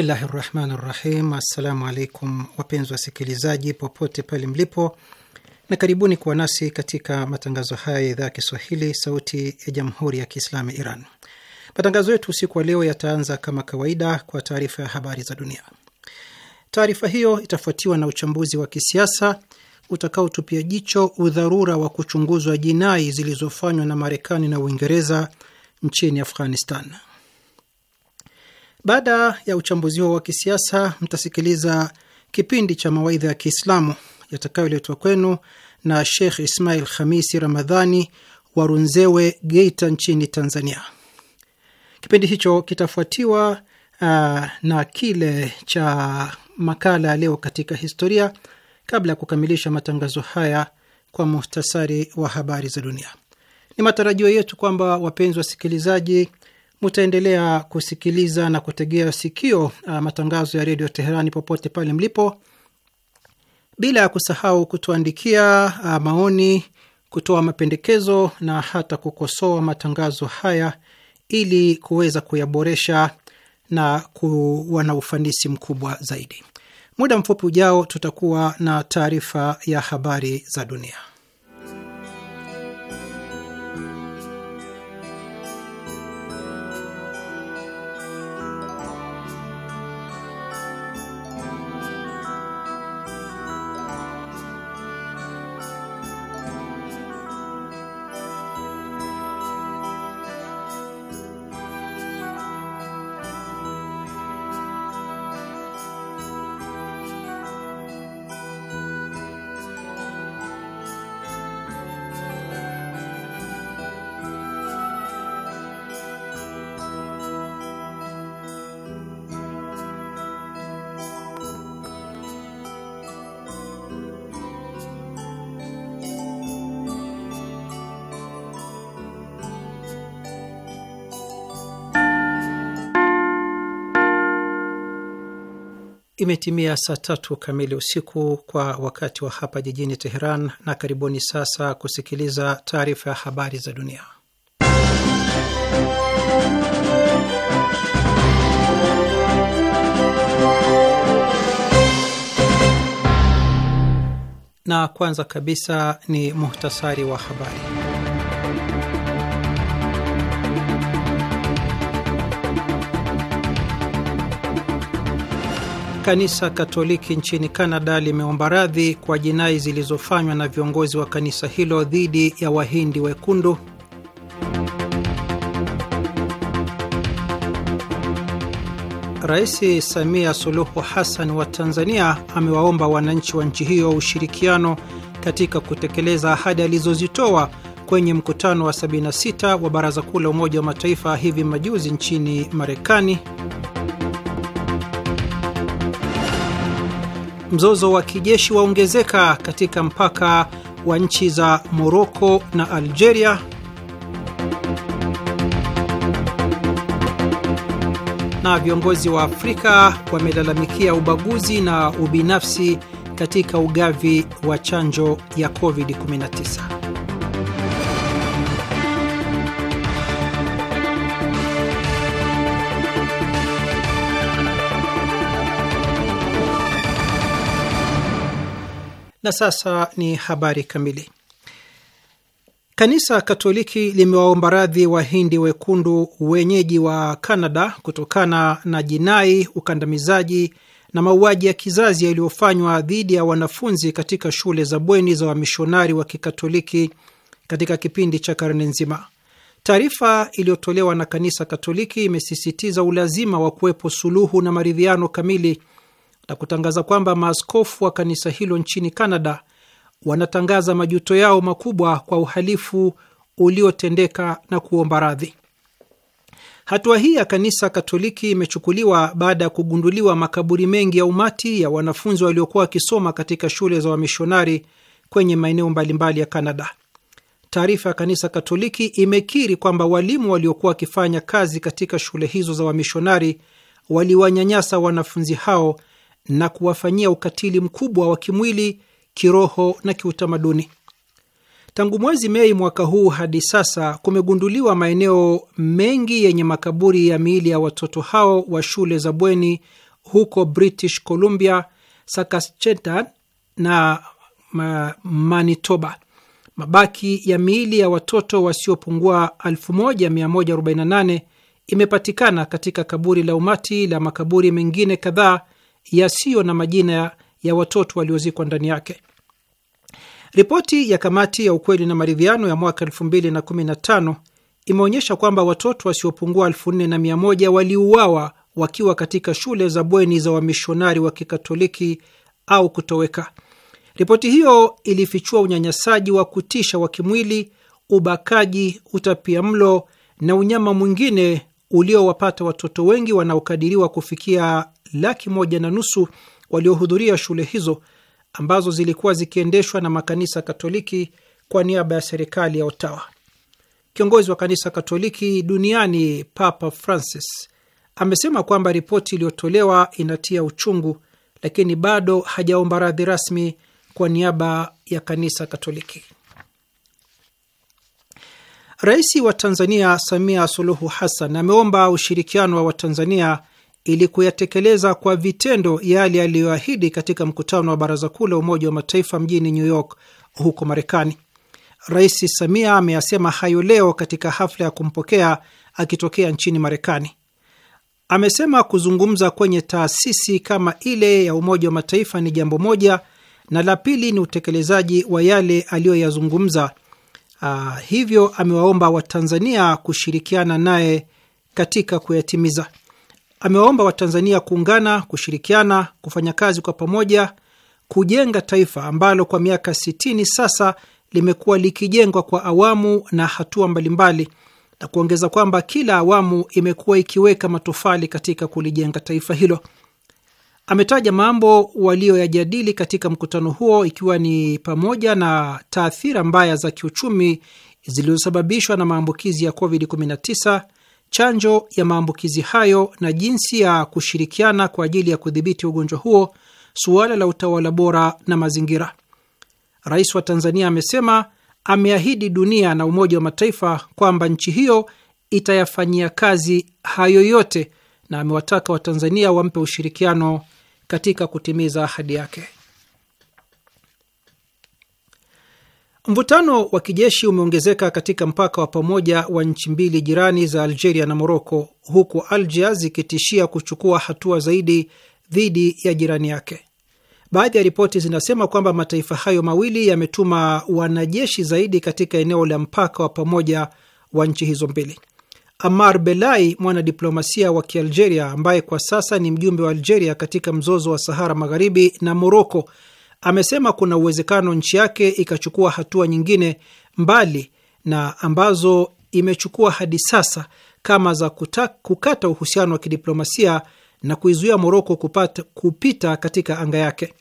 Bismillahi rahmani rahim. Assalamu alaikum wapenzi wasikilizaji popote pale mlipo, na karibuni kuwa nasi katika matangazo haya ya idhaa ya Kiswahili sauti ya jamhuri ya Kiislamu Iran. Matangazo yetu usiku wa leo yataanza kama kawaida kwa taarifa ya habari za dunia. Taarifa hiyo itafuatiwa na uchambuzi wa kisiasa utakaotupia jicho udharura wa kuchunguzwa jinai zilizofanywa na Marekani na Uingereza nchini Afghanistan. Baada ya uchambuzi huo wa kisiasa, mtasikiliza kipindi cha mawaidha ya Kiislamu yatakayoletwa kwenu na Sheikh Ismail Khamisi Ramadhani wa Runzewe, Geita nchini Tanzania. Kipindi hicho kitafuatiwa uh, na kile cha makala ya leo katika historia, kabla ya kukamilisha matangazo haya kwa muhtasari wa habari za dunia. Ni matarajio yetu kwamba wapenzi wasikilizaji mutaendelea kusikiliza na kutegea sikio uh, matangazo ya redio Teherani popote pale mlipo, bila ya kusahau kutuandikia uh, maoni, kutoa mapendekezo na hata kukosoa matangazo haya ili kuweza kuyaboresha na kuwa na ufanisi mkubwa zaidi. Muda mfupi ujao tutakuwa na taarifa ya habari za dunia. Imetimia saa tatu kamili usiku kwa wakati wa hapa jijini Teheran, na karibuni sasa kusikiliza taarifa ya habari za dunia. Na kwanza kabisa ni muhtasari wa habari. Kanisa Katoliki nchini Kanada limeomba radhi kwa jinai zilizofanywa na viongozi wa kanisa hilo dhidi ya Wahindi wekundu. Rais Samia Suluhu Hassan wa Tanzania amewaomba wananchi wa nchi hiyo ushirikiano katika kutekeleza ahadi alizozitoa kwenye mkutano wa 76 wa Baraza Kuu la Umoja wa Mataifa hivi majuzi nchini Marekani. Mzozo wa kijeshi waongezeka katika mpaka wa nchi za Moroko na Algeria. Na viongozi wa Afrika wamelalamikia ubaguzi na ubinafsi katika ugavi wa chanjo ya COVID-19. Na sasa ni habari kamili. Kanisa Katoliki limewaomba radhi Wahindi wekundu wenyeji wa Kanada kutokana na jinai, ukandamizaji na mauaji ya kizazi yaliyofanywa dhidi ya wanafunzi katika shule za bweni za wamishonari wa Kikatoliki katika kipindi cha karne nzima. Taarifa iliyotolewa na Kanisa Katoliki imesisitiza ulazima wa kuwepo suluhu na maridhiano kamili na kutangaza kwamba maaskofu wa kanisa hilo nchini canada wanatangaza majuto yao makubwa kwa uhalifu uliotendeka na kuomba radhi. Hatua hii ya kanisa Katoliki imechukuliwa baada ya kugunduliwa makaburi mengi ya umati ya wanafunzi waliokuwa wakisoma katika shule za wamishonari kwenye maeneo mbalimbali ya Canada. Taarifa ya kanisa Katoliki imekiri kwamba walimu waliokuwa wakifanya kazi katika shule hizo za wamishonari waliwanyanyasa wanafunzi hao na kuwafanyia ukatili mkubwa wa kimwili, kiroho na kiutamaduni. Tangu mwezi Mei mwaka huu hadi sasa kumegunduliwa maeneo mengi yenye makaburi ya miili ya watoto hao wa shule za bweni huko British Columbia, Saskatchewan na Manitoba. Mabaki ya miili ya watoto wasiopungua 1148 imepatikana katika kaburi la umati la makaburi mengine kadhaa yasiyo na majina ya watoto waliozikwa ndani yake. Ripoti ya kamati ya ukweli na maridhiano ya mwaka 2015 imeonyesha kwamba watoto wasiopungua 4100 waliuawa wakiwa katika shule za bweni za wamishonari wa Kikatoliki au kutoweka. Ripoti hiyo ilifichua unyanyasaji wa kutisha wa kimwili, ubakaji, utapia mlo na unyama mwingine uliowapata watoto wengi wanaokadiriwa kufikia laki moja na nusu waliohudhuria shule hizo ambazo zilikuwa zikiendeshwa na makanisa Katoliki kwa niaba ya serikali ya utawa Kiongozi wa kanisa Katoliki duniani Papa Francis amesema kwamba ripoti iliyotolewa inatia uchungu, lakini bado hajaomba radhi rasmi kwa niaba ya kanisa Katoliki. Rais wa Tanzania Samia Suluhu Hassan ameomba ushirikiano wa Watanzania ili kuyatekeleza kwa vitendo yale aliyoahidi katika mkutano wa Baraza Kuu la Umoja wa Mataifa mjini New York huko Marekani. Rais Samia ameyasema hayo leo katika hafla ya kumpokea akitokea nchini Marekani. Amesema kuzungumza kwenye taasisi kama ile ya Umoja wa Mataifa ni jambo moja, na la pili ni utekelezaji wa yale aliyoyazungumza. Uh, hivyo amewaomba Watanzania kushirikiana naye katika kuyatimiza amewaomba Watanzania kuungana, kushirikiana, kufanya kazi kwa pamoja kujenga taifa ambalo kwa miaka 60 sasa limekuwa likijengwa kwa awamu na hatua mbalimbali, na kuongeza kwamba kila awamu imekuwa ikiweka matofali katika kulijenga taifa hilo. Ametaja mambo walioyajadili katika mkutano huo ikiwa ni pamoja na taathira mbaya za kiuchumi zilizosababishwa na maambukizi ya COVID-19, chanjo ya maambukizi hayo na jinsi ya kushirikiana kwa ajili ya kudhibiti ugonjwa huo, suala la utawala bora na mazingira. Rais wa Tanzania amesema ameahidi dunia na Umoja wa Mataifa kwamba nchi hiyo itayafanyia kazi hayo yote, na amewataka Watanzania wampe ushirikiano katika kutimiza ahadi yake. Mvutano wa kijeshi umeongezeka katika mpaka wa pamoja wa nchi mbili jirani za Algeria na Moroko, huku Algeria zikitishia kuchukua hatua zaidi dhidi ya jirani yake. Baadhi ya ripoti zinasema kwamba mataifa hayo mawili yametuma wanajeshi zaidi katika eneo la mpaka wa pamoja wa nchi hizo mbili. Amar Belai, mwanadiplomasia wa Kialgeria ambaye kwa sasa ni mjumbe wa Algeria katika mzozo wa Sahara Magharibi na Moroko, amesema kuna uwezekano nchi yake ikachukua hatua nyingine mbali na ambazo imechukua hadi sasa kama za kuta, kukata uhusiano wa kidiplomasia na kuizuia Moroko kupata, kupita katika anga yake.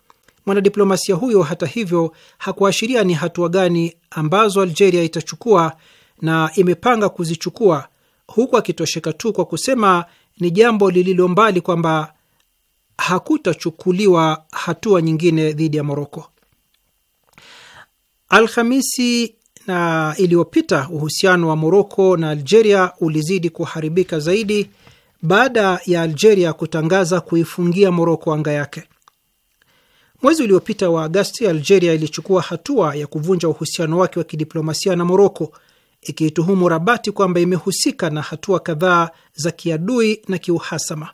Mwanadiplomasia huyo hata hivyo hakuashiria ni hatua gani ambazo Algeria itachukua na imepanga kuzichukua, huku akitosheka tu kwa kusema ni jambo lililo mbali kwamba hakutachukuliwa hatua nyingine dhidi ya Moroko. Alhamisi na iliyopita uhusiano wa Moroko na Algeria ulizidi kuharibika zaidi baada ya Algeria kutangaza kuifungia Moroko anga yake. Mwezi uliopita wa Agasti, Algeria ilichukua hatua ya kuvunja uhusiano wake wa kidiplomasia na Moroko, ikiituhumu Rabati kwamba imehusika na hatua kadhaa za kiadui na kiuhasama.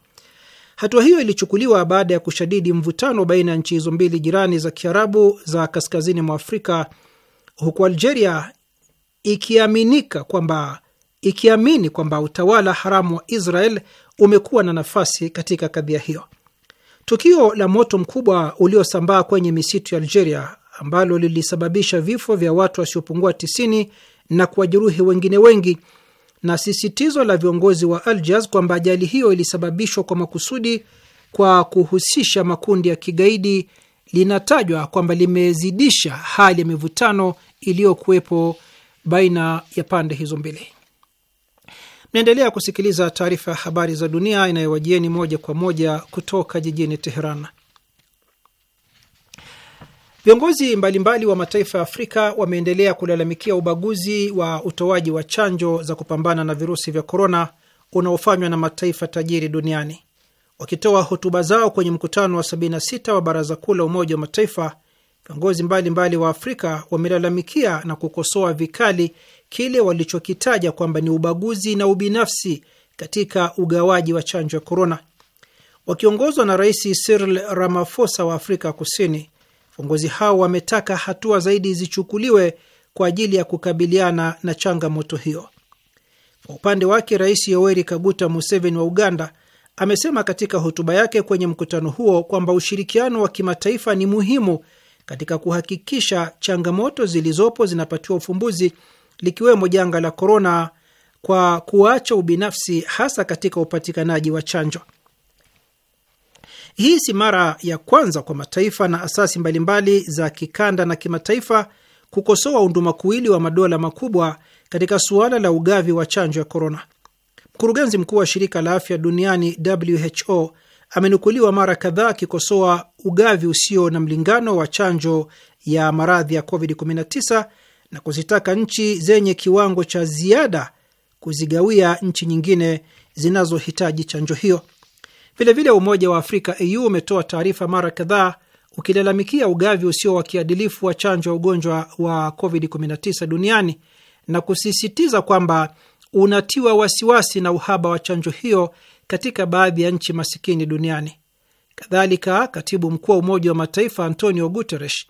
Hatua hiyo ilichukuliwa baada ya kushadidi mvutano baina ya nchi hizo mbili jirani za Kiarabu za kaskazini mwa Afrika, huku Algeria ikiaminika kwamba ikiamini kwamba utawala haramu wa Israel umekuwa na nafasi katika kadhia hiyo. Tukio la moto mkubwa uliosambaa kwenye misitu ya Algeria ambalo lilisababisha vifo vya watu wasiopungua 90 na kuwajeruhi wengine wengi na sisitizo la viongozi wa aljaz kwamba ajali hiyo ilisababishwa kwa makusudi kwa kuhusisha makundi ya kigaidi linatajwa kwamba limezidisha hali ya mivutano iliyokuwepo baina ya pande hizo mbili. Mnaendelea kusikiliza taarifa ya habari za dunia inayowajieni moja kwa moja kutoka jijini Teheran. Viongozi mbalimbali wa mataifa ya Afrika wameendelea kulalamikia ubaguzi wa utoaji wa chanjo za kupambana na virusi vya korona unaofanywa na mataifa tajiri duniani. Wakitoa hotuba zao kwenye mkutano wa 76 wa Baraza Kuu la Umoja wa Mataifa, viongozi mbalimbali wa Afrika wamelalamikia na kukosoa vikali kile walichokitaja kwamba ni ubaguzi na ubinafsi katika ugawaji wa chanjo ya korona. Wakiongozwa na Rais Cyril Ramaphosa wa Afrika Kusini, Viongozi hao wametaka hatua zaidi zichukuliwe kwa ajili ya kukabiliana na changamoto hiyo. Kwa upande wake, Rais Yoweri Kaguta Museveni wa Uganda amesema katika hotuba yake kwenye mkutano huo kwamba ushirikiano wa kimataifa ni muhimu katika kuhakikisha changamoto zilizopo zinapatiwa ufumbuzi, likiwemo janga la korona, kwa kuacha ubinafsi, hasa katika upatikanaji wa chanjo. Hii si mara ya kwanza kwa mataifa na asasi mbalimbali za kikanda na kimataifa kukosoa undumakuwili wa madola makubwa katika suala la ugavi wa chanjo ya korona. Mkurugenzi mkuu wa shirika la afya duniani WHO amenukuliwa mara kadhaa akikosoa ugavi usio na mlingano wa chanjo ya maradhi ya COVID-19 na kuzitaka nchi zenye kiwango cha ziada kuzigawia nchi nyingine zinazohitaji chanjo hiyo. Vilevile Umoja wa Afrika AU umetoa taarifa mara kadhaa ukilalamikia ugavi usio wa kiadilifu wa chanjo ya ugonjwa wa COVID-19 duniani na kusisitiza kwamba unatiwa wasiwasi na uhaba wa chanjo hiyo katika baadhi ya nchi masikini duniani. Kadhalika, katibu mkuu wa Umoja wa Mataifa Antonio Guterres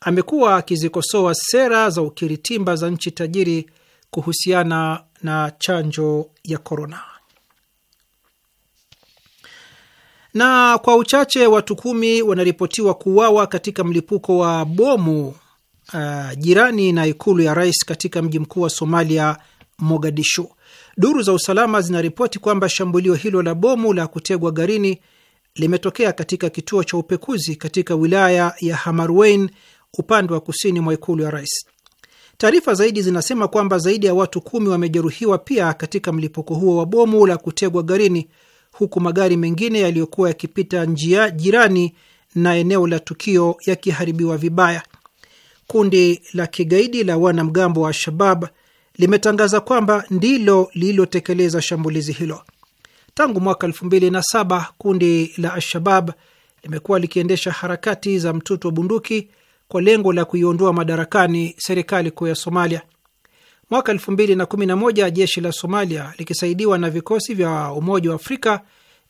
amekuwa akizikosoa sera za ukiritimba za nchi tajiri kuhusiana na chanjo ya korona. na kwa uchache watu kumi wanaripotiwa kuuawa katika mlipuko wa bomu uh, jirani na ikulu ya rais katika mji mkuu wa Somalia, Mogadishu. Duru za usalama zinaripoti kwamba shambulio hilo la bomu la kutegwa garini limetokea katika kituo cha upekuzi katika wilaya ya Hamarwein upande wa kusini mwa ikulu ya rais. Taarifa zaidi zinasema kwamba zaidi ya watu kumi wamejeruhiwa pia katika mlipuko huo wa bomu la kutegwa garini huku magari mengine yaliyokuwa yakipita njia jirani na eneo la tukio yakiharibiwa vibaya. Kundi la kigaidi la wanamgambo wa Al-Shabab limetangaza kwamba ndilo lililotekeleza shambulizi hilo. Tangu mwaka 2007 kundi la Al-Shabab limekuwa likiendesha harakati za mtutu wa bunduki kwa lengo la kuiondoa madarakani serikali kuu ya Somalia. Mwaka 2011 jeshi la Somalia likisaidiwa na vikosi vya Umoja wa Afrika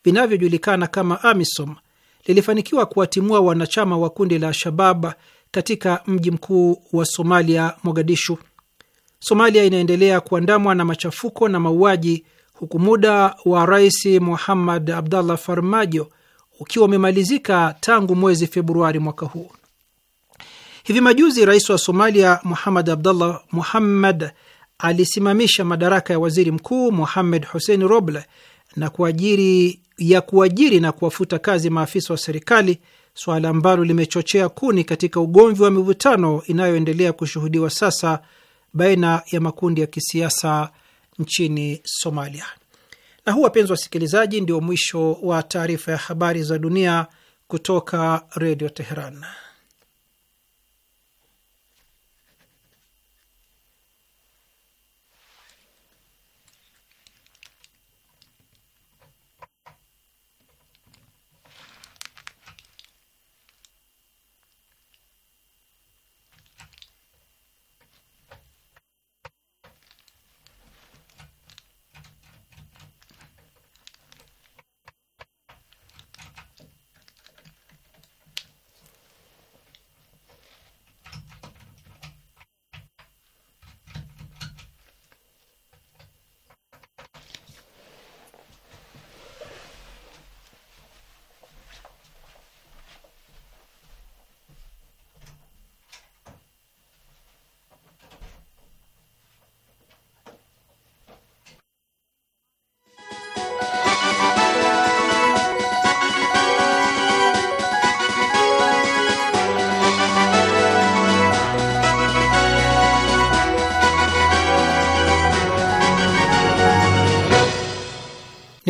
vinavyojulikana kama AMISOM lilifanikiwa kuwatimua wanachama wa kundi la Shabab katika mji mkuu wa Somalia, Mogadishu. Somalia inaendelea kuandamwa na machafuko na mauaji huku muda wa Rais Muhammad Abdallah Farmajo ukiwa umemalizika tangu mwezi Februari mwaka huu. Hivi majuzi rais wa Somalia Muhammad Abdallah Muhammad alisimamisha madaraka ya waziri mkuu Mohamed Hussein Roble na kuajiri, ya kuajiri na kuwafuta kazi maafisa wa serikali, suala ambalo limechochea kuni katika ugomvi wa mivutano inayoendelea kushuhudiwa sasa baina ya makundi ya kisiasa nchini Somalia. Na huu, wapenzi wasikilizaji, ndio mwisho wa taarifa ya habari za dunia kutoka Redio Teheran.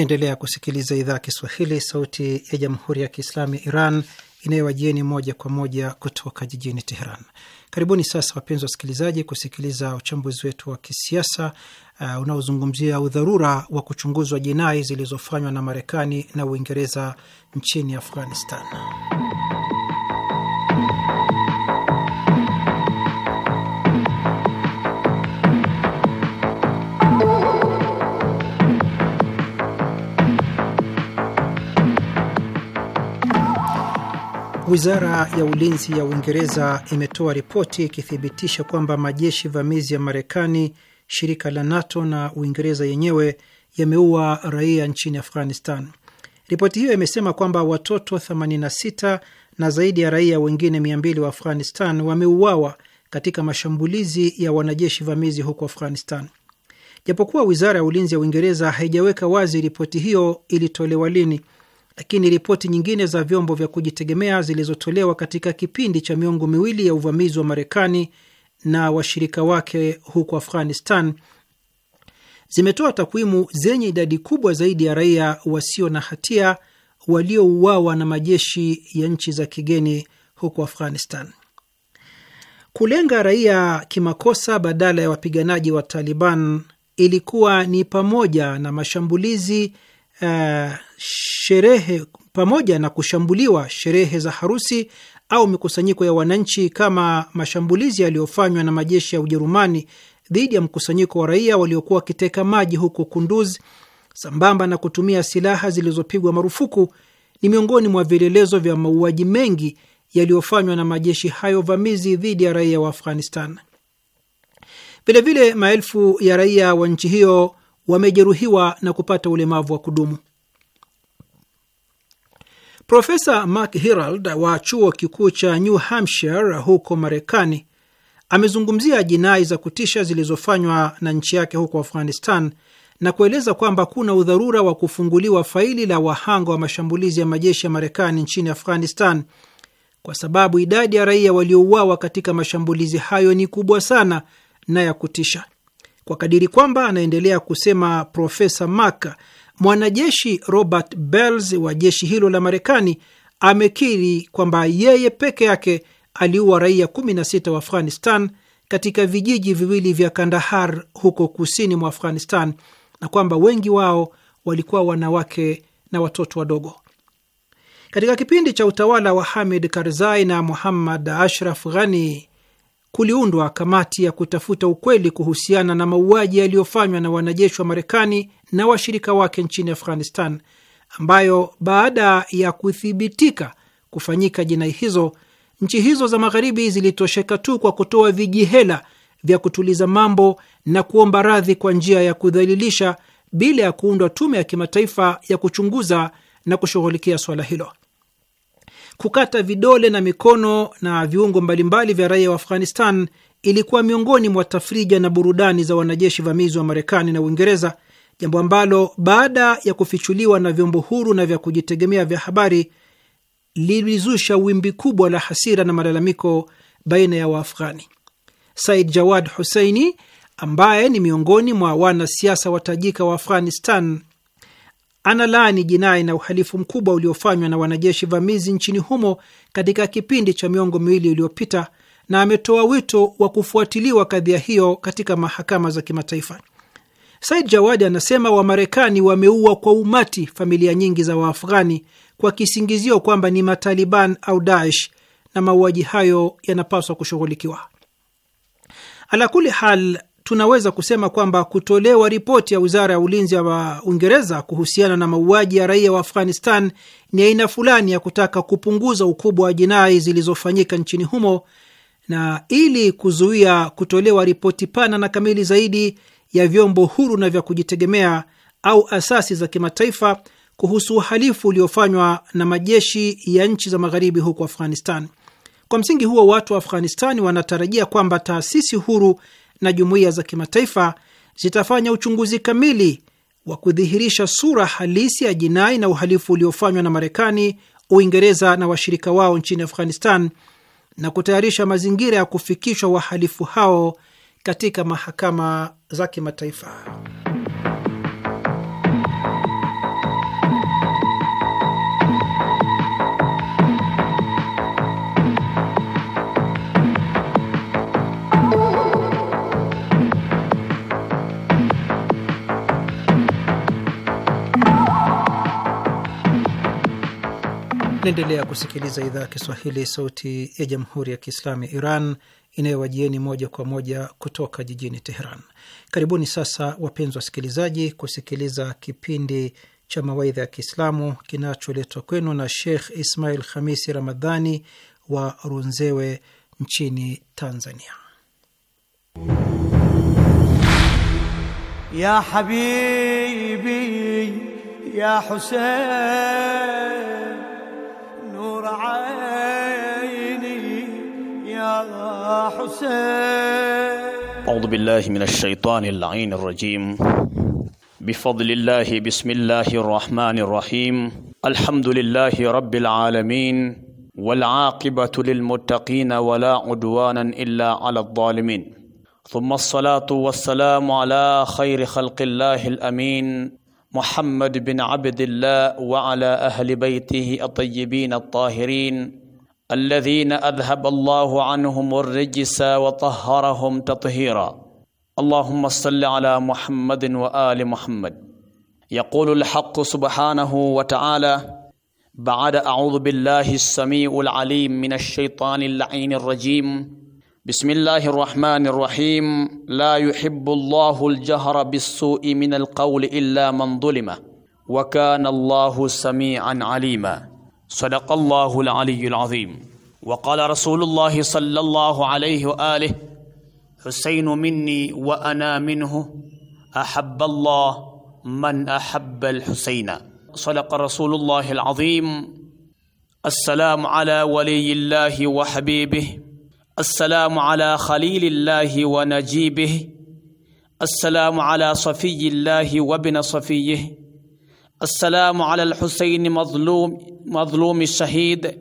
Naendelea kusikiliza idhaa ya Kiswahili, sauti ya jamhuri ya kiislamu ya Iran inayowajieni moja kwa moja kutoka jijini Teheran. Karibuni sasa, wapenzi wasikilizaji, kusikiliza uchambuzi wetu wa kisiasa uh, unaozungumzia udharura wa kuchunguzwa jinai zilizofanywa na Marekani na Uingereza nchini Afghanistan. Wizara ya ulinzi ya Uingereza imetoa ripoti ikithibitisha kwamba majeshi vamizi ya Marekani, shirika la NATO na Uingereza yenyewe yameua raia nchini Afghanistan. Ripoti hiyo imesema kwamba watoto 86 na zaidi ya raia wengine 200 wa Afghanistan wameuawa katika mashambulizi ya wanajeshi vamizi huko Afghanistan. Japokuwa wizara ya ulinzi ya Uingereza haijaweka wazi ripoti hiyo ilitolewa lini, lakini ripoti nyingine za vyombo vya kujitegemea zilizotolewa katika kipindi cha miongo miwili ya uvamizi wa Marekani na washirika wake huko Afghanistan zimetoa takwimu zenye idadi kubwa zaidi ya raia wasio na hatia waliouawa na majeshi ya nchi za kigeni huko Afghanistan. Kulenga raia kimakosa badala ya wapiganaji wa Taliban ilikuwa ni pamoja na mashambulizi uh, sherehe pamoja na kushambuliwa sherehe za harusi au mikusanyiko ya wananchi kama mashambulizi yaliyofanywa na majeshi ya Ujerumani dhidi ya mkusanyiko wa raia waliokuwa wakiteka maji huko Kunduz, sambamba na kutumia silaha zilizopigwa marufuku, ni miongoni mwa vielelezo vya mauaji mengi yaliyofanywa na majeshi hayo vamizi dhidi ya raia wa Afghanistan. Vilevile, maelfu ya raia wa nchi hiyo wamejeruhiwa na kupata ulemavu wa kudumu. Profesa Mark Herald wa chuo kikuu cha New Hampshire huko Marekani amezungumzia jinai za kutisha zilizofanywa na nchi yake huko Afghanistan na kueleza kwamba kuna udharura wa kufunguliwa faili la wahanga wa mashambulizi ya majeshi ya Marekani nchini Afghanistan kwa sababu idadi ya raia waliouawa katika mashambulizi hayo ni kubwa sana na ya kutisha kwa kadiri kwamba anaendelea kusema Profesa Mark, mwanajeshi Robert Bells wa jeshi hilo la Marekani amekiri kwamba yeye peke yake aliua raia 16 wa Afghanistan katika vijiji viwili vya Kandahar huko kusini mwa Afghanistan na kwamba wengi wao walikuwa wanawake na watoto wadogo. Katika kipindi cha utawala wa Hamid Karzai na Muhammad Ashraf Ghani, kuliundwa kamati ya kutafuta ukweli kuhusiana na mauaji yaliyofanywa na wanajeshi wa Marekani na washirika wake nchini Afghanistan, ambayo baada ya kuthibitika kufanyika jinai hizo, nchi hizo za Magharibi zilitosheka tu kwa kutoa vijihela vya kutuliza mambo na kuomba radhi kwa njia ya kudhalilisha bila ya kuundwa tume ya kimataifa ya kuchunguza na kushughulikia swala hilo kukata vidole na mikono na viungo mbalimbali vya raia wa Afghanistan ilikuwa miongoni mwa tafrija na burudani za wanajeshi vamizi wa Marekani na Uingereza, jambo ambalo baada ya kufichuliwa na vyombo huru na vya kujitegemea vya habari lilizusha wimbi kubwa la hasira na malalamiko baina ya Waafghani. Said Jawad Huseini ambaye ni miongoni mwa wanasiasa watajika wa Afghanistan analaani jinai na uhalifu mkubwa uliofanywa na wanajeshi vamizi nchini humo katika kipindi cha miongo miwili iliyopita na ametoa wito wa kufuatiliwa kadhia hiyo katika mahakama za kimataifa. Said Jawadi anasema Wamarekani wameua kwa umati familia nyingi za Waafghani kwa kisingizio kwamba ni Mataliban au Daesh na mauaji hayo yanapaswa kushughulikiwa. Ala kuli hal, tunaweza kusema kwamba kutolewa ripoti ya wizara ya ulinzi wa Uingereza kuhusiana na mauaji ya raia wa Afghanistan ni aina fulani ya kutaka kupunguza ukubwa wa jinai zilizofanyika nchini humo, na ili kuzuia kutolewa ripoti pana na kamili zaidi ya vyombo huru na vya kujitegemea au asasi za kimataifa kuhusu uhalifu uliofanywa na majeshi ya nchi za magharibi huko Afghanistan. Kwa msingi huo, watu wa Afghanistan wanatarajia kwamba taasisi huru na jumuiya za kimataifa zitafanya uchunguzi kamili wa kudhihirisha sura halisi ya jinai na uhalifu uliofanywa na Marekani, Uingereza na washirika wao nchini Afghanistan na kutayarisha mazingira ya kufikishwa wahalifu hao katika mahakama za kimataifa. Naendelea kusikiliza idhaa ya Kiswahili, sauti ya jamhuri ya kiislamu ya Iran inayowajieni moja kwa moja kutoka jijini Teheran. Karibuni sasa, wapenzi wasikilizaji, kusikiliza kipindi cha mawaidha ya Kiislamu kinacholetwa kwenu na Sheikh Ismail Hamisi Ramadhani wa Runzewe nchini Tanzania. Ya habibi ya Husein حسين أعوذ بالله من الشيطان اللعين الرجيم بفضل الله بسم الله الرحمن الرحيم الحمد لله رب العالمين والعاقبة للمتقين ولا عدوانا إلا على الظالمين ثم الصلاة والسلام على خير خلق الله الأمين محمد بن عبد الله وعلى أهل بيته الطيبين الطاهرين الذين أذهب الله عنهم الرجس وطهرهم تطهيرا اللهم صل على محمد وآل محمد يقول الحق سبحانه وتعالى بعد أعوذ بالله السميع العليم من الشيطان اللعين الرجيم بسم الله الرحمن الرحيم لا يحب الله الجهر بالسوء من القول إلا من ظلمه وكان الله سميعا عليما صدق الله العلي العظيم وقال رسول الله صلى الله عليه وآله حسين مني وأنا منه أحب الله من أحب الحسين صدق رسول الله العظيم السلام على ولي الله وحبيبه السلام على خليل الله ونجيبه السلام على صفي الله وابن صفيه السلام على الحسين مظلوم مظلوم الشهيد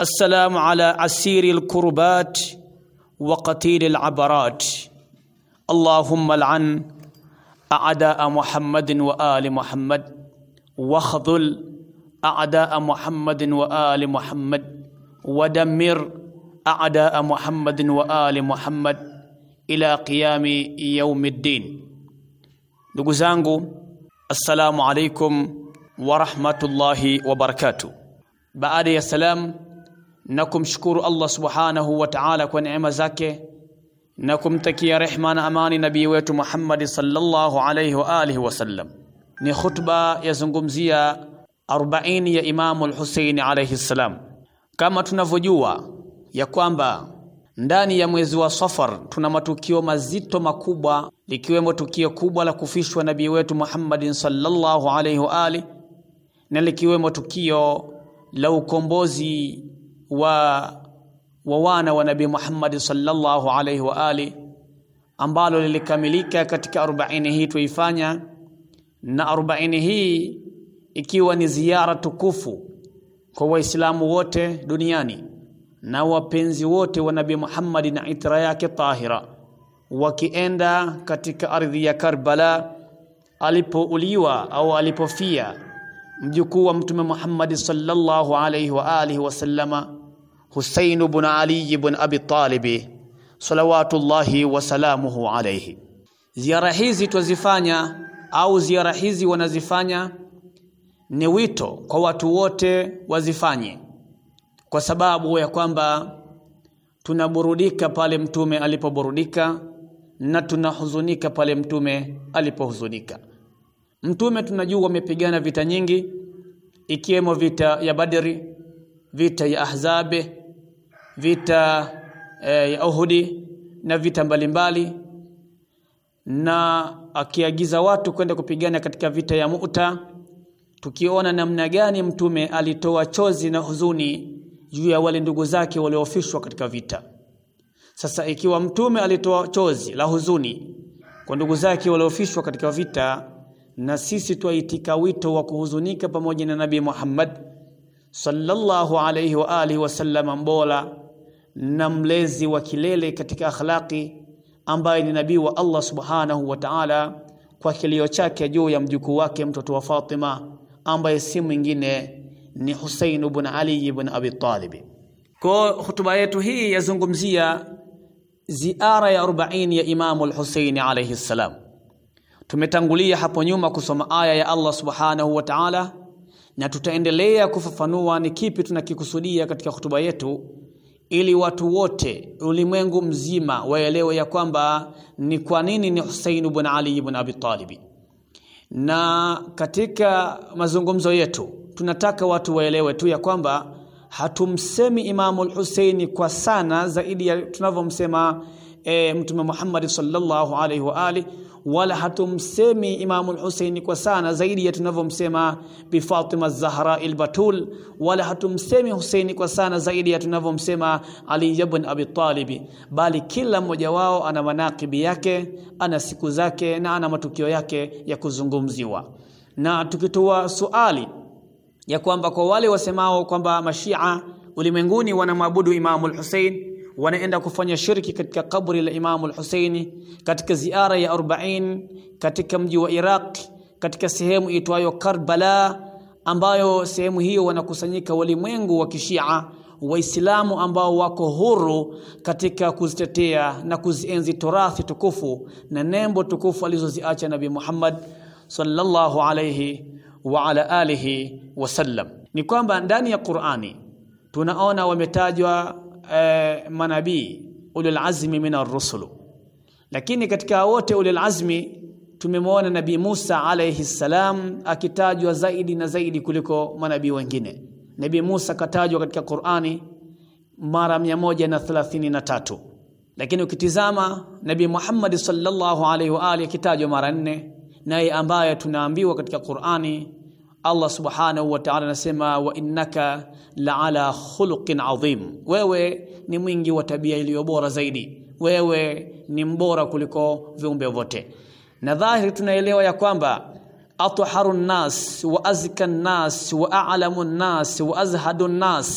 السلام على عسير الكربات وقتيل العبرات اللهم العن أعداء محمد وآل محمد وخذل أعداء محمد وآل محمد ودمر أعداء محمد وآل محمد إلى قيام يوم الدين ndugu Assalamu alaikum warahmatullahi wabarakatuh. Baada ya salam na kumshukuru Allah subhanahu wa ta'ala kwa neema zake na kumtakia rehma na amani nabii wetu Muhammad sallallahu alayhi wa alihi wasallam, ni khutba yazungumzia 40 ya Imamu al alayhi salam. Kama tunavyojua ya kwamba ndani ya mwezi wa Safar tuna matukio mazito makubwa likiwemo tukio kubwa la kufishwa nabii wetu Muhammadin sallallahu alayhi wa ali na likiwemo tukio la ukombozi wa, wa wana wa nabii Muhammad sallallahu alayhi wa ali ambalo lilikamilika katika 40 hii tuifanya, na 40 hii ikiwa ni ziara tukufu kwa Waislamu wote duniani na wapenzi wote wa nabii Muhammad na itira yake tahira wakienda katika ardhi ya Karbala alipouliwa au alipofia mjukuu wa mtume Muhammad sallallahu alayhi wa alihi wasallama Hussein ibn Ali ibn Abi Talib salawatullahi salamuhu alayhi. Ziara hizi twazifanya au ziara hizi wanazifanya ni wito kwa watu wote wazifanye, kwa sababu ya kwamba tunaburudika pale mtume alipoburudika na tunahuzunika pale mtume alipohuzunika mtume tunajua wamepigana vita nyingi ikiwemo vita ya Badri vita ya Ahzabe vita eh, ya Uhudi na vita mbalimbali mbali. na akiagiza watu kwenda kupigana katika vita ya Mu'ta tukiona namna gani mtume alitoa chozi na huzuni juu ya wale ndugu zake waliofishwa katika vita sasa ikiwa mtume alitoa chozi la huzuni kwa ndugu zake waliofishwa katika vita, na sisi twaitika wito wa kuhuzunika pamoja na Nabii Muhammad sallallahu alayhi wa alihi wasallam, mbola na mlezi wa kilele katika akhlaqi, ambaye ni nabii wa Allah subhanahu wa ta'ala, kwa kilio chake juu ya mjukuu wake mtoto wa Fatima ambaye si mwingine ni Husain ibn Ali ibn Abi Talib. Kwa hotuba yetu hii yazungumzia ziara ya 40 ya Imamu al-Husaini alayhi salam. Tumetangulia hapo nyuma kusoma aya ya Allah subhanahu wa ta'ala, na tutaendelea kufafanua ni kipi tunakikusudia katika hotuba yetu, ili watu wote ulimwengu mzima waelewe ya kwamba ni kwa nini ni Husain ibn Ali ibn Abi Talib. Na katika mazungumzo yetu tunataka watu waelewe tu ya kwamba hatumsemi Imamu lhuseini kwa sana zaidi ya tunavyomsema e, Mtume Muhammad sallallahu alaihi wa ali, wala hatumsemi Imamu lhuseini kwa sana zaidi ya tunavyomsema Bi Fatima Zahra al-Batul, wala hatumsemi Huseini kwa sana zaidi ya tunavyomsema Ali ibn Abi Talib, bali kila mmoja wao ana manakibi yake, ana siku zake na ana matukio yake ya kuzungumziwa. Na tukitoa suali ya kwamba kwa wale wasemao kwamba mashia ulimwenguni wanamwabudu Imamu al-Hussein wanaenda kufanya shirki katika kaburi la Imamu al-Hussein katika ziara ya 40 katika mji wa Iraq katika sehemu itwayo Karbala ambayo sehemu hiyo wanakusanyika walimwengu wa Kishia Waislamu ambao wako huru katika kuzitetea na kuzienzi torathi tukufu na nembo tukufu alizoziacha Nabii Muhammad sallallahu alayhi wa ala alihi sallam. Ni kwamba ndani ya Qur'ani tunaona wametajwa e, manabii ulul azmi min ar-rusul, lakini katika wote ulul azmi tumemwona Nabii Musa alayhi salam akitajwa zaidi na zaidi kuliko manabii wengine. Nabii Musa katajwa katika Qur'ani mara 133 lakini ukitizama Nabii Muhammad sallallahu alayhi wa alihi akitajwa mara nne, naye ambaye tunaambiwa katika Qur'ani Allah subhanahu wa ta'ala anasema wa innaka la'ala khuluqin adhim, wewe ni mwingi wa tabia iliyo bora zaidi, wewe ni mbora kuliko viumbe vyote. Na dhahiri tunaelewa ya kwamba athaharu nnas wa azka nnas wa a'lamu nnas wa azhadu nnas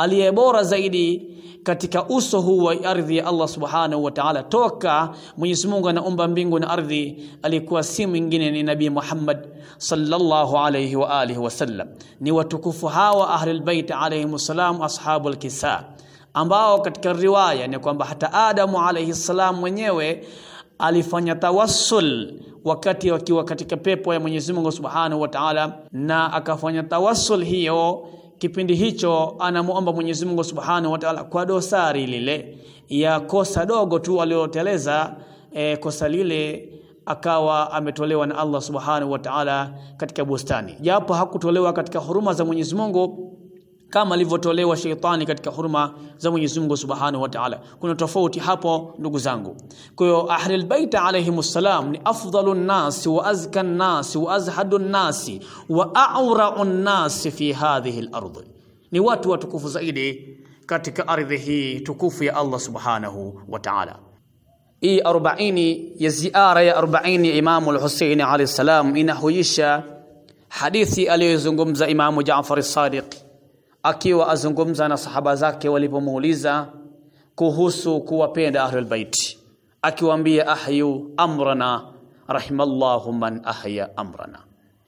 aliye bora zaidi katika uso huu wa ardhi ya Allah Subhanahu wa Ta'ala toka Mwenyezi Mungu anaumba mbingu na ardhi alikuwa si mwingine ni Nabii Muhammad sallallahu alayhi wa alihi wasallam ni watukufu hawa ahlul bait alayhi salam ashabul kisa ambao katika riwaya ni kwamba hata Adamu alayhi salam mwenyewe alifanya tawassul wakati wakiwa katika pepo ya Mwenyezi Mungu Subhanahu wa Ta'ala na akafanya tawassul hiyo kipindi hicho anamuomba Mwenyezi Mungu Subhanahu wa Ta'ala kwa dosari lile ya kosa dogo tu aliloteleza, e, kosa lile akawa ametolewa na Allah Subhanahu wa Ta'ala katika bustani, japo hakutolewa katika huruma za Mwenyezi Mungu kama alivyotolewa sheitani katika huruma za Mwenyezi Mungu Subhanahu wa Ta'ala. Kuna tofauti hapo ndugu zangu. Kwa hiyo Ahlul Bait salam ni afdhalun nasi wa azka nasi wa azhadu nasi wa a'raun nasi fi hadhihi al Ni watu watukufu zaidi katika ardhi hii tukufu ya Allah Subhanahu wa Ta'ala. Hii 40 ya ziara ya 40 ya Imam al alayhi salam inahuisha hadithi aliyozungumza Imam Jaafar sadiq akiwa azungumza na sahaba zake walipomuuliza kuhusu kuwapenda ahlul bait akiwaambia ahyu amrana rahimallahu man ahya amrana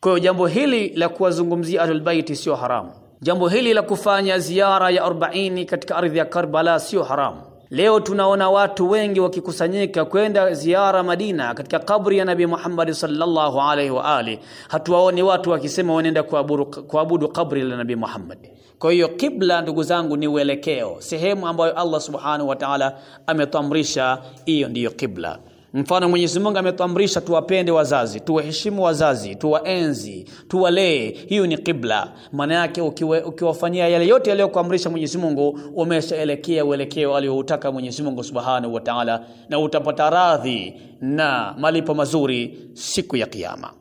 kwa hiyo jambo hili la kuwazungumzia ahlul bait sio haramu jambo hili la kufanya ziara ya 40 katika ardhi ya Karbala sio haramu Leo tunaona watu wengi wakikusanyika kwenda ziara Madina katika kaburi ya Nabii Muhammad sallallahu alaihi wa ali. Hatuwaoni watu wakisema wanaenda kuabudu kaburi la Nabii Muhammad. Kwa hiyo kibla, ndugu zangu, ni uelekeo, sehemu ambayo Allah subhanahu wa ta'ala ametamrisha, hiyo ndiyo kibla. Mfano, Mwenyezi Mungu ametuamrisha tuwapende wazazi, tuwaheshimu wazazi, tuwaenzi, tuwalee. Hiyo ni kibla. Maana yake ukiwafanyia yale yote yaliyokuamrisha Mwenyezi Mungu, umeshaelekea uelekeo aliyoutaka Mwenyezi Mungu Subhanahu wa Ta'ala, na utapata radhi na malipo mazuri siku ya Kiyama.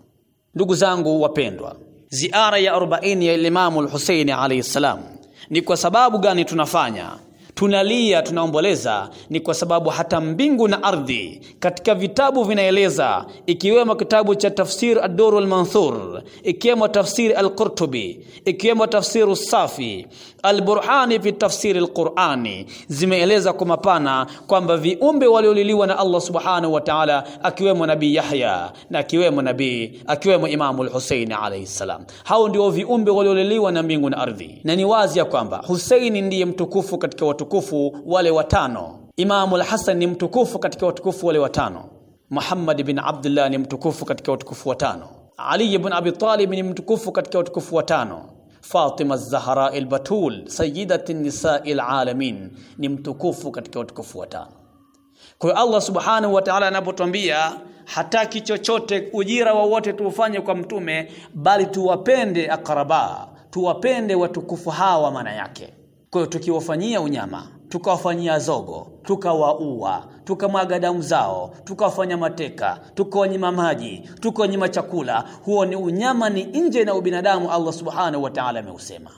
Ndugu zangu wapendwa, ziara ya 40 ya Imamu al-Husaini alayhi salam, ni kwa sababu gani tunafanya? tunalia tunaomboleza ni kwa sababu hata mbingu na ardhi katika vitabu vinaeleza ikiwemo kitabu cha tafsir ad-dur al-manthur ikiwemo tafsir al-qurtubi ikiwemo tafsir safi Alburhani fi tafsiri lqurani zimeeleza kwa mapana kwamba viumbe walioliliwa na Allah subhanahu wa ta'ala, akiwemo Nabii Yahya na akiwemo nabii akiwemo Imamu lhuseini alayhi salam. Hao ndio viumbe walioliliwa na mbingu na ardhi, na ni wazi ya kwamba Huseini ndiye mtukufu katika watukufu wale watano. Imamu Alhasan ni mtukufu katika watukufu wale watano. Muhammad bin Abdullah ni mtukufu katika watukufu watano. Ali ibn Abi Talib ni mtukufu katika watukufu watano. Fatima Zahra al-Batul sayyidati nisai alalamin ni mtukufu katika watukufu watano. Kwa hiyo Allah subhanahu wa ta'ala anapotuambia hataki chochote ujira wowote tuufanye kwa mtume, bali tuwapende akraba, tuwapende watukufu hawa, maana yake kwa hiyo tukiwafanyia unyama tukawafanyia zogo, tukawaua, tukamwaga damu zao, tukawafanya mateka, tukawanyima maji, tukawanyima chakula. Huo ni unyama, ni nje na ubinadamu. Allah subhanahu wa ta'ala ameusema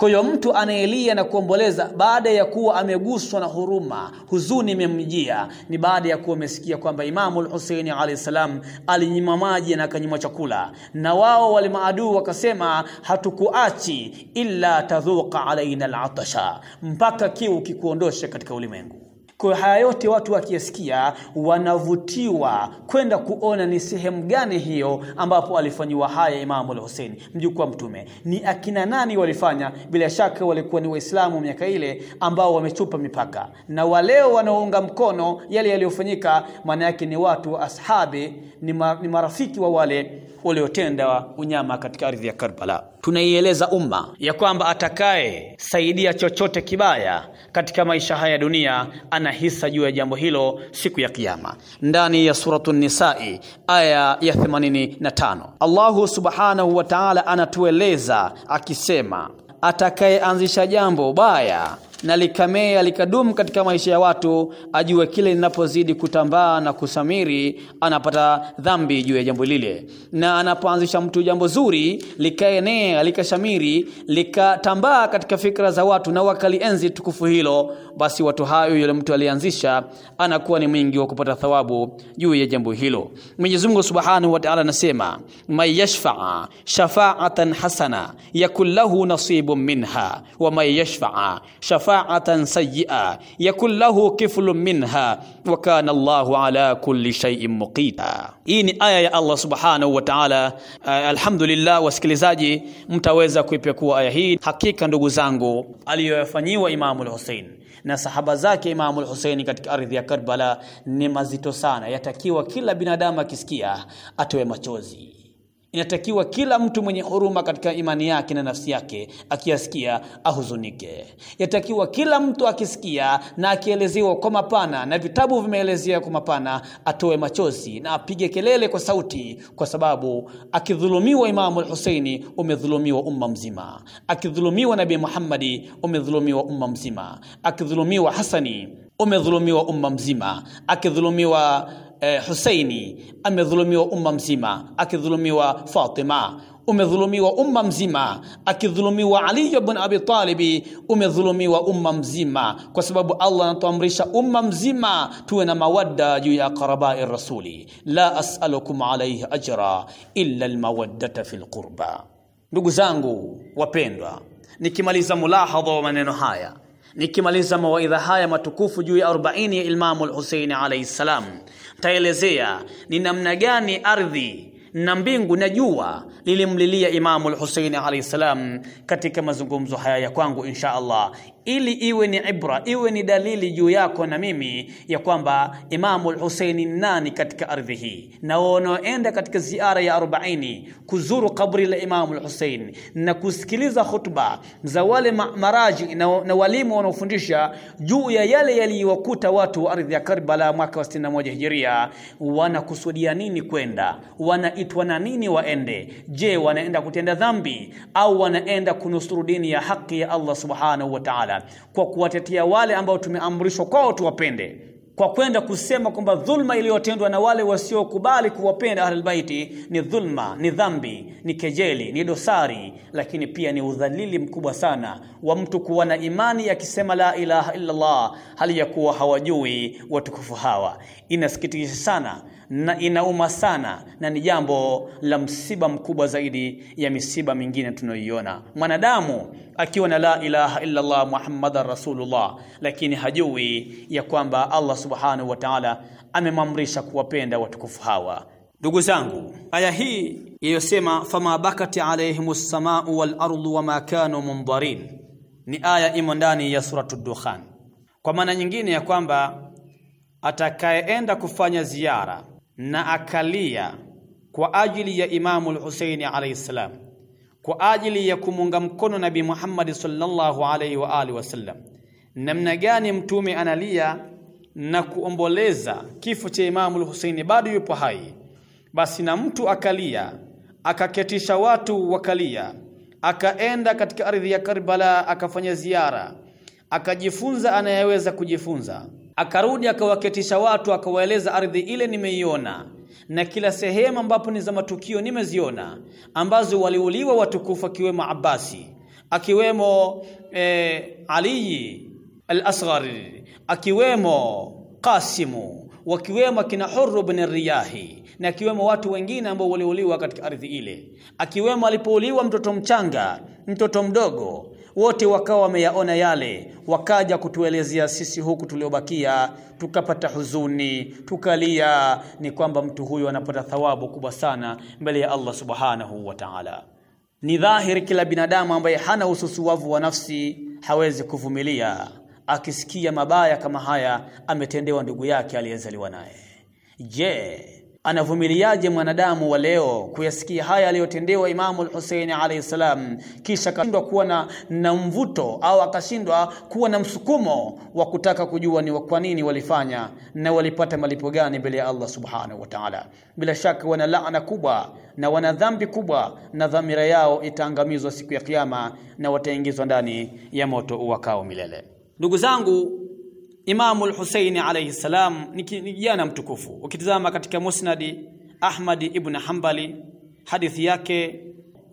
kwa hiyo mtu anayelia na kuomboleza baada ya kuwa ameguswa na huruma huzuni imemjia ni baada ya kuwa amesikia kwamba imamu lhuseini alayhi salam alinyima maji na akanyima chakula na wao wale maadui wakasema hatukuachi illa tadhuqa alaina latasha mpaka kiu kikuondoshe katika ulimwengu kwa haya yote watu wakiyasikia wanavutiwa kwenda kuona ni sehemu gani hiyo ambapo alifanyiwa haya Imamu al-Hussein mjukuu wa Mtume. Ni akina nani walifanya? Bila shaka walikuwa ni Waislamu miaka ile ambao wamechupa mipaka, na waleo wanaounga mkono yale yaliyofanyika, maana yake ni watu wa ashabi, ni marafiki wa wale waliotenda unyama katika ardhi ya Karbala. Tunaieleza umma ya kwamba atakaye saidia chochote kibaya katika maisha haya dunia ana hisa juu ya jambo hilo siku ya Kiyama. Ndani ya suratu Nisai aya ya 85 Allahu subhanahu wa taala anatueleza akisema, atakayeanzisha jambo baya na likamea likadumu katika maisha ya watu, ajue kile linapozidi kutambaa na kusamiri, anapata dhambi juu ya jambo lile, na anapoanzisha mtu jambo zuri likaenea likashamiri likatambaa katika fikra za watu na wakalienzi tukufu hilo, basi watu hayo, yule mtu alianzisha anakuwa ni mwingi wa kupata thawabu juu ya jambo hilo. Mwenyezi Mungu Subhanahu wa Ta'ala anasema, may yashfa'a shafa'atan hasana yakullahu nasibun minha wa may yashfa'a shafa shafaatan sayyi'a yakun lahu kiflun minha wa kana Allahu ala kulli shay'in muqita. Hii ni aya ya Allah subhanahu wa ta'ala. Eh, alhamdulillah, wasikilizaji, mtaweza kuipekua aya hii. Hakika ndugu zangu, aliyoyafanyiwa al Hussein na sahaba zake al Hussein katika ardhi ya Karbala ni mazito sana, yatakiwa kila binadamu akisikia atoe machozi. Inatakiwa kila mtu mwenye huruma katika imani yake na nafsi yake akiyasikia ahuzunike. Yatakiwa kila mtu akisikia na akielezewa kwa mapana, na vitabu vimeelezea kwa mapana, atoe machozi na apige kelele kwa sauti, kwa sababu akidhulumiwa Imamu Al-Husaini, umedhulumiwa umma mzima. Akidhulumiwa Nabii Muhammadi, umedhulumiwa umma mzima. Akidhulumiwa Hasani, umedhulumiwa umma mzima. Akidhulumiwa eh, Husaini amedhulumiwa umma mzima, akidhulumiwa Fatima umedhulumiwa umma mzima, akidhulumiwa Ali ibn Abi Talibi umedhulumiwa umma mzima, kwa sababu Allah anatuamrisha umma mzima tuwe na mawadda juu ya qarabai rasuli. La as'alukum alayhi ajra illa almawaddata fil qurba. Ndugu zangu wapendwa, nikimaliza mulahadha wa maneno haya nikimaliza mawaidha haya matukufu juu ya 40 ya Imamu al-Husaini alayhi salam taelezea ni namna gani ardhi na mbingu na jua lilimlilia Imamu al alaihi ssalam katika mazungumzo haya ya kwangu insha Allah ili iwe ni ibra, iwe ni dalili juu yako na mimi ya kwamba Imamu lhuseini nani katika ardhi hii, na wanaoenda katika ziara ya arobaini kuzuru kaburi la Imamu lhusein na kusikiliza khutba za wale maraji na, na walimu wanaofundisha juu ya yale yaliyowakuta watu wa ardhi ya Karbala mwaka wa 61 Hijiria, wanakusudia nini kwenda? Wanaitwa na nini waende? Je, wanaenda kutenda dhambi au wanaenda kunusuru dini ya haki ya Allah subhanahu wa ta'ala? wataala kwa kuwatetea wale ambao tumeamrishwa kwao tuwapende kwa kwenda kusema kwamba dhulma iliyotendwa na wale wasiokubali kuwapenda ahlulbaiti ni dhulma, ni dhambi, ni kejeli, ni dosari, lakini pia ni udhalili mkubwa sana wa mtu kuwa na imani akisema la ilaha illa Allah hali ya kuwa hawajui watukufu hawa. Inasikitisha sana na inauma sana na ni jambo la msiba mkubwa zaidi ya misiba mingine tunayoiona. Mwanadamu akiwa na la ilaha illa Allah muhammadan rasulullah, lakini hajui ya kwamba Allah subhanahu wa taala amemwamrisha kuwapenda watukufu hawa. Ndugu zangu, aya hii iliyosema fama bakati alaihim ssamau walardu wama kanu mundharin ni aya imo ndani ya suratu Dukhan, kwa maana nyingine ya kwamba atakayeenda kufanya ziara na akalia kwa ajili ya Imamu al-Husaini alayhi salam, kwa ajili ya kumunga mkono Nabii Muhammad sallallahu alayhi wa alihi wasallam, namna gani mtume analia na kuomboleza kifo cha Imamu al hussein bado yupo hai basi na mtu akalia akaketisha watu wakalia akaenda katika ardhi ya Karbala akafanya ziara akajifunza anayeweza kujifunza akarudi akawaketisha watu akawaeleza ardhi ile nimeiona na kila sehemu ambapo ni za matukio nimeziona ambazo waliuliwa watukufu akiwemo Abasi akiwemo e, eh, Ali al-asghar akiwemo Qasimu wakiwemo akina Hurr bin Riyahi na akiwemo watu wengine ambao waliuliwa katika ardhi ile akiwemo alipouliwa mtoto mchanga mtoto mdogo wote wakawa wameyaona yale wakaja kutuelezea sisi huku tuliobakia tukapata huzuni tukalia ni kwamba mtu huyu anapata thawabu kubwa sana mbele ya Allah subhanahu wa ta'ala ni dhahiri kila binadamu ambaye hana ususuwavu wa nafsi hawezi kuvumilia akisikia mabaya kama haya ametendewa ndugu yake aliyezaliwa naye. Je, anavumiliaje mwanadamu wa leo kuyasikia haya aliyotendewa Imamu al-Husaini alayhi salam, kisha akashindwa kuwa na, na mvuto au akashindwa kuwa na msukumo wa kutaka kujua ni kwa nini walifanya na walipata malipo gani mbele ya Allah subhanahu wa ta'ala? Bila shaka wana laana kubwa na wana dhambi kubwa, na dhamira yao itaangamizwa siku ya Kiyama na wataingizwa ndani ya moto uwakao milele ndugu zangu Imamu al-Husaini alayhi salam ni kijana mtukufu ukitizama katika Musnadi Ahmadi ibn Hanbali hadithi yake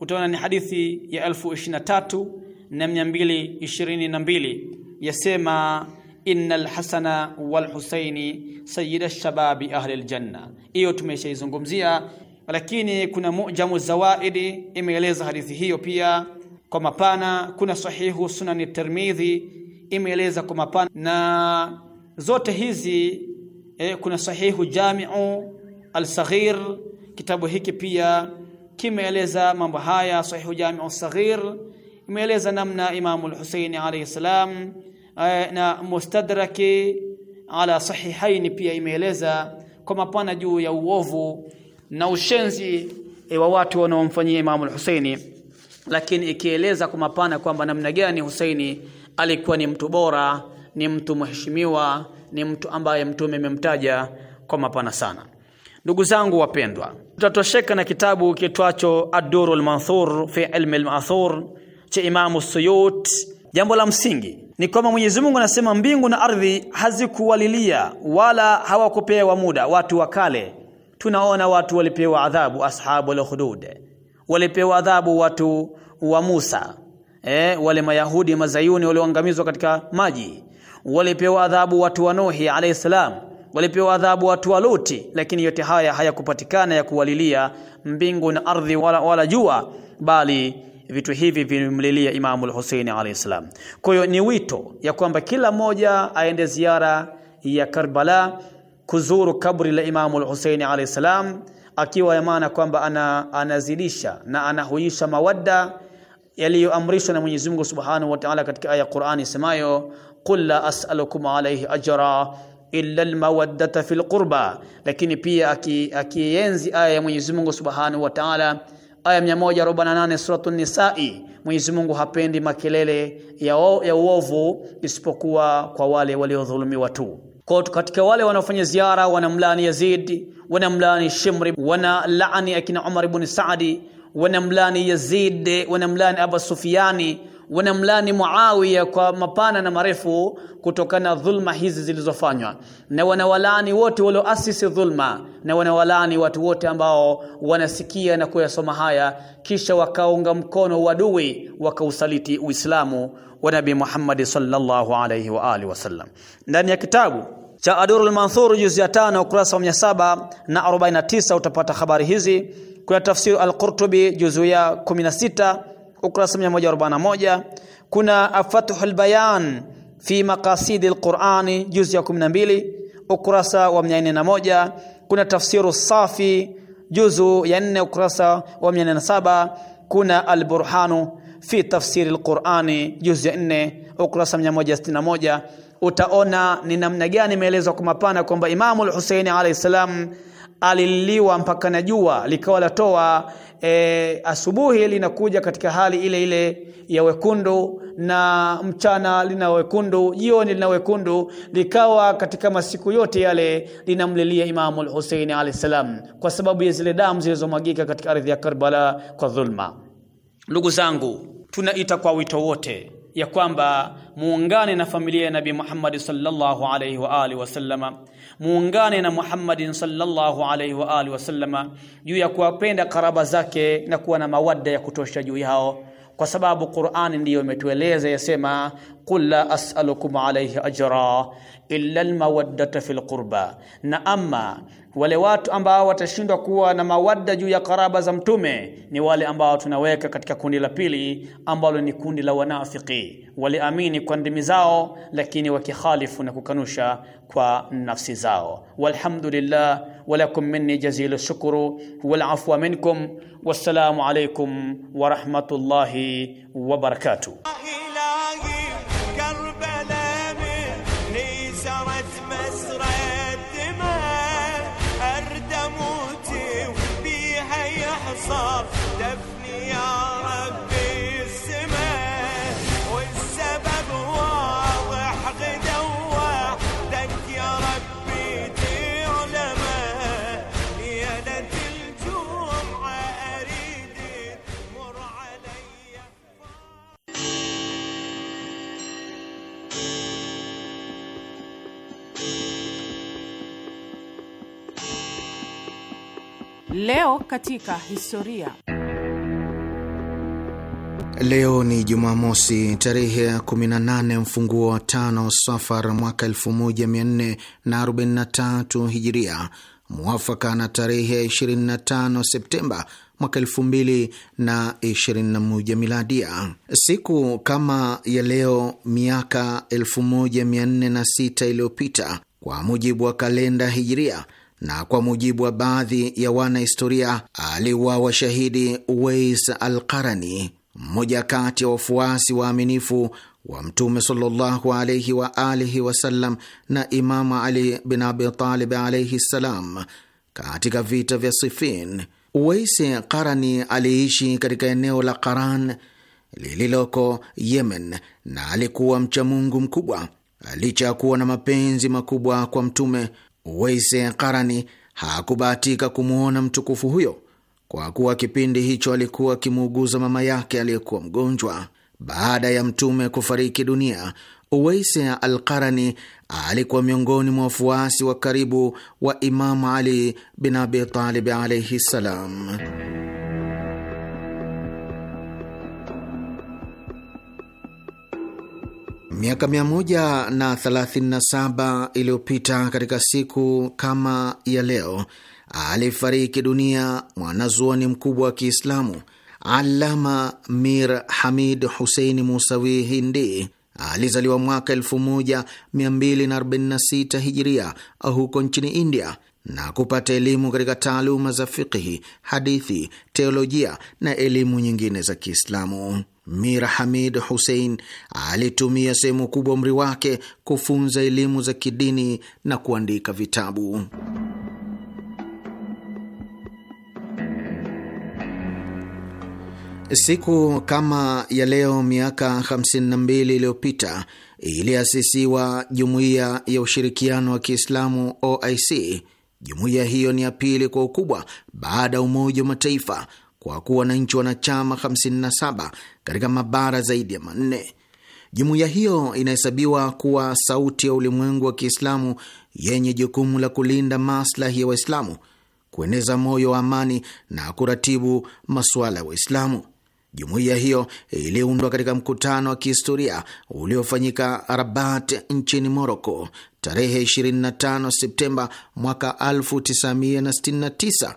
utaona ni hadithi ya elfu ishirini na tatu na mia mbili ishirini na mbili yasema innal hasana wal husaini sayyida shababi ahli aljanna. Hiyo tumeshaizungumzia, lakini kuna mujamu zawaidi imeeleza hadithi hiyo pia kwa mapana. Kuna sahihu sunani Tirmidhi imeeleza kwa mapana, na zote hizi eh, kuna sahihu jamiu al-saghir. Kitabu hiki pia kimeeleza mambo haya. Sahihu jamiu al-saghir imeeleza namna Imamu al husayn alayhi salam eh, na mustadraki ala sahihaini pia imeeleza kwa mapana juu ya uovu na ushenzi eh, wa watu wanaomfanyia Imamu al husayn lakini ikieleza kwa mapana kwamba namna gani Husaini alikuwa ni mtu bora, ni mtu mheshimiwa, ni mtu ambaye mtume amemtaja kwa mapana sana. Ndugu zangu wapendwa, tutatosheka na kitabu kitwacho Ad-Durr al-Manthur fi ilm al-Ma'thur cha Imam Suyut. Jambo la msingi ni kwamba Mwenyezi Mungu anasema mbingu na ardhi hazikuwalilia wala hawakupewa muda watu wa kale. Tunaona watu walipewa adhabu ashabu al-Hudud, walipewa adhabu watu wa Musa eh, wale Mayahudi Mazayuni walioangamizwa katika maji, walipewa adhabu watu wa Nuhi alayhi salam, walipewa adhabu watu wa Luti, lakini yote haya hayakupatikana ya kuwalilia mbingu na ardhi wala, wala jua, bali vitu hivi vimlilia Imamu al-Husaini alayhi salam. Kwa hiyo ni wito ya kwamba kila mmoja aende ziara ya Karbala kuzuru kabri la Imamu al-Husaini alayhi salam, akiwa ya maana kwamba ana, anazidisha na anahuisha mawadda yaliyoamrishwa na Mwenyezi Mungu Subhanahu wa Ta'ala katika aya ya Qur'ani isemayo qul la as'alukum alayhi ajra illa almawaddata fil qurba, lakini pia akienzi aya ya Mwenyezi Mungu Subhanahu wa Ta'ala aya 148 suratul Nisa'i, Mwenyezi Mungu hapendi makelele ya, o, ya uovu isipokuwa kwa wale waliodhulumiwa tu. Kwa katika wale wanaofanya ziara wanamlaani Yazid, wanamlaani Shimri, wanalaani laani akina Umar ibn Saadi wanamlani Yazid, wanamlani Abu Sufiani, wanamlani Muawiya kwa mapana na marefu, kutokana na dhulma hizi zilizofanywa, na wanawalani wote walioasisi dhulma, na wanawalani watu wote ambao wanasikia na kuyasoma haya, kisha wakaunga mkono wadui, wakausaliti Uislamu wa nabi Muhammad sallallahu alayhi wa alihi wasallam. Ndani ya kitabu cha Adurul Manthur juzu ya 5 ukurasa wa 749 utapata habari hizi kuna tafsiri al-Qurtubi juzu ya 16 ukurasa 141 kuna afathul bayan fi maqasidil qurani juzu ya 12 ukurasa wa 401 kuna tafsiru safi juzu ya 4 ukurasa wa 407 kuna al-burhanu fi tafsiri al-Qur'ani juzu ya 4 ukurasa 161 utaona ni namna gani imeelezwa kwa mapana kwamba Imamu al-Husaini alayhi salam aliliwa mpaka na jua likawa latoa e, asubuhi linakuja katika hali ile ile ya wekundu na mchana lina wekundu jioni lina wekundu likawa katika masiku yote yale linamlilia Imamu al-Husaini alayhi salam kwa sababu ya zile damu zilizomwagika katika ardhi ya Karbala kwa dhulma ndugu zangu tunaita kwa wito wote ya kwamba muungane na familia ya Nabii Muhammad sallallahu alaihi wa alihi wasallama muungane na Muhammadin sallallahu alaihi wa alihi wasallama juu ya kuwapenda karaba zake na kuwa na mawadda ya kutosha juu yao kwa sababu Qur'ani ndiyo imetueleza yasema, qul la as'alukum alayhi ajra illa almawaddata fil qurba, na amma wale watu ambao watashindwa kuwa na mawadda juu ya karaba za mtume ni wale ambao tunaweka katika kundi la pili ambalo ni kundi la wanafiki, waliamini kwa ndimi zao, lakini wakikhalifu na kukanusha kwa nafsi zao. Walhamdulillah walakum minni jazilu shukuru wal afwa minkum, wassalamu alaykum wa rahmatullahi wa barakatuh. Leo katika historia. Leo ni Jumamosi tarehe ya 18 mfunguo wa tano Safar mwaka 1443 Hijiria, mwafaka na tarehe 25 Septemba mwaka Miladia. Siku kama ya leo miaka 1406 iliyopita kwa mujibu wa kalenda Hijiria na kwa mujibu wa baadhi ya wanahistoria aliuawa shahidi Uwais al-Qarani, mmoja kati ya wafuasi waaminifu wa Mtume sallallahu alaihi wa alihi wasallam na Imamu Ali bin Abitalib alaihi ssalam katika vita vya Sifin. Uwais Qarani aliishi katika eneo la Qaran lililoko Yemen na alikuwa mchamungu mkubwa. Licha ya kuwa na mapenzi makubwa kwa Mtume, Weise Karani hakubahatika kumwona mtukufu huyo kwa kuwa kipindi hicho alikuwa akimuuguza mama yake aliyekuwa mgonjwa. Baada ya Mtume kufariki dunia, al qarani alikuwa miongoni mwa wafuasi wa karibu wa Imamu Ali bin Abi Talib alaihi ssalam. Miaka 137 iliyopita katika siku kama ya leo alifariki dunia mwanazuoni mkubwa wa Kiislamu Alama Mir Hamid Huseini Musawi Hindi. Alizaliwa mwaka 1246 Hijiria huko nchini India na kupata elimu katika taaluma za fiqhi, hadithi, teolojia na elimu nyingine za Kiislamu. Mir Hamid Hussein alitumia sehemu kubwa umri wake kufunza elimu za kidini na kuandika vitabu. Siku kama ya leo miaka 52 iliyopita iliasisiwa Jumuiya ya Ushirikiano wa Kiislamu OIC. Jumuiya hiyo ni ya pili kwa ukubwa baada ya Umoja wa Mataifa kwa kuwa na nchi wanachama 57 katika mabara zaidi ya manne. Jumuiya hiyo inahesabiwa kuwa sauti ya ulimwengu wa Kiislamu yenye jukumu la kulinda maslahi ya Waislamu, kueneza moyo wa amani na kuratibu masuala ya Waislamu. Jumuiya hiyo iliundwa katika mkutano wa kihistoria uliofanyika Rabat nchini Moroko tarehe 25 Septemba mwaka 1969